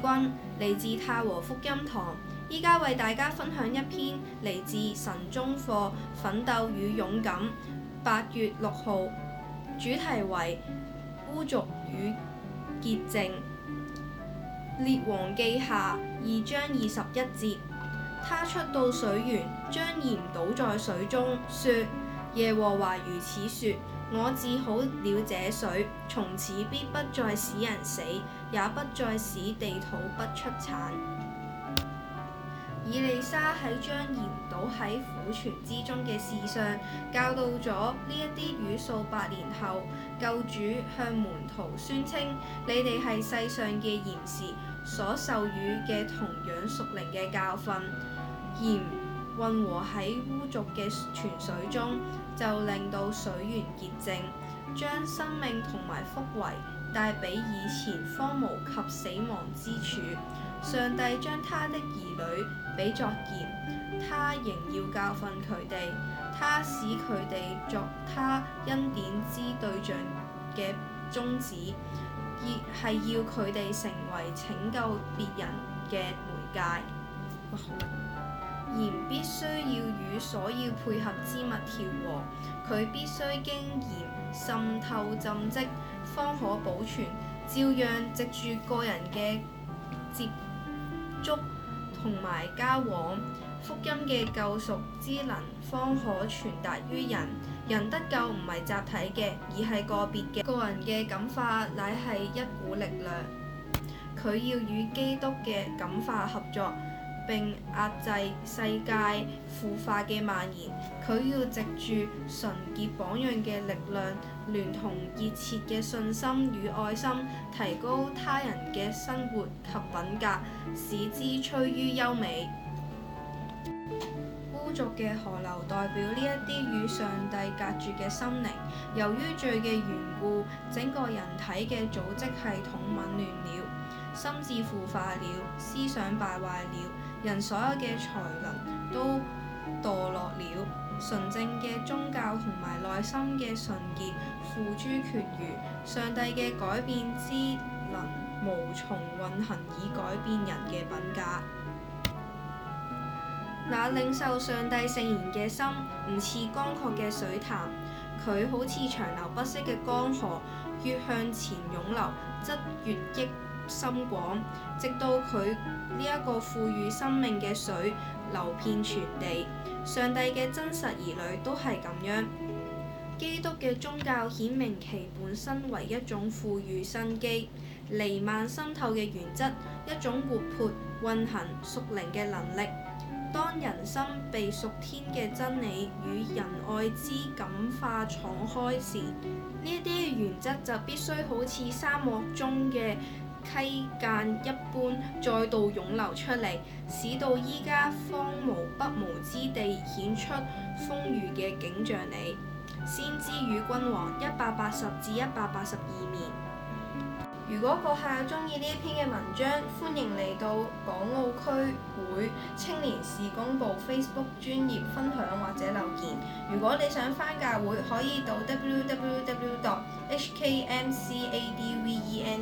君嚟自太和福音堂，依家為大家分享一篇嚟自神中課《奮鬥與勇敢》，八月六號主題為污濁與潔淨，《列王記下》二章二十一節，他出到水源，將鹽倒在水中，說：耶和華如此説。我治好了這水，從此必不再使人死，也不再使地土不出產。以利沙喺將鹽倒喺苦泉之中嘅事上，教導咗呢一啲與數百年後，救主向門徒宣稱：你哋係世上嘅鹽時，所授予嘅同樣屬靈嘅教訓，鹽混和喺污濁嘅泉水中。就令到水源潔淨，將生命同埋福惠帶俾以前荒蕪及死亡之處。上帝將他的兒女比作鹽，他仍要教訓佢哋，他使佢哋作他恩典之對象嘅宗旨，而係要佢哋成為拯救別人嘅媒介。鹽必須要與所要配合之物調和，佢必須經鹽滲透浸漬，方可保存。照樣藉住個人嘅接觸同埋交往，福音嘅救贖之能方可傳達於人。人得救唔係集體嘅，而係個別嘅。個人嘅感化乃係一股力量，佢要與基督嘅感化合作。並壓制世界腐化嘅蔓延。佢要藉住純潔榜樣嘅力量，聯同熱切嘅信心與愛心，提高他人嘅生活及品格，使之趨於優美。污濁嘅河流代表呢一啲與上帝隔絕嘅心靈。由於罪嘅緣故，整個人體嘅組織系統紊亂了，心智腐化了，思想敗壞了。人所有嘅才能都墮落了，純正嘅宗教同埋內心嘅純潔付諸缺如，上帝嘅改變之能無從運行以改變人嘅品格。那領受上帝聖言嘅心，唔似乾涸嘅水潭，佢好似長流不息嘅江河，越向前湧流，則越益深廣，直到佢呢一個賦予生命嘅水流遍全地。上帝嘅真實兒女都係咁樣。基督嘅宗教顯明其本身為一種賦予生機、瀰漫深透嘅原則，一種活潑運行屬靈嘅能力。當人心被屬天嘅真理與仁愛之感化敞開時，呢啲原則就必須好似沙漠中嘅溪澗一般再度湧流出嚟，使到依家荒蕪不毛之地顯出豐饒嘅景象。你先知與君王，一百八十至一百八十二頁。如果閣下中意呢篇嘅文章，歡迎嚟到港澳區會青年事工部 Facebook 專頁分享或者留言。如果你想翻教會，可以到 w w w h k m c a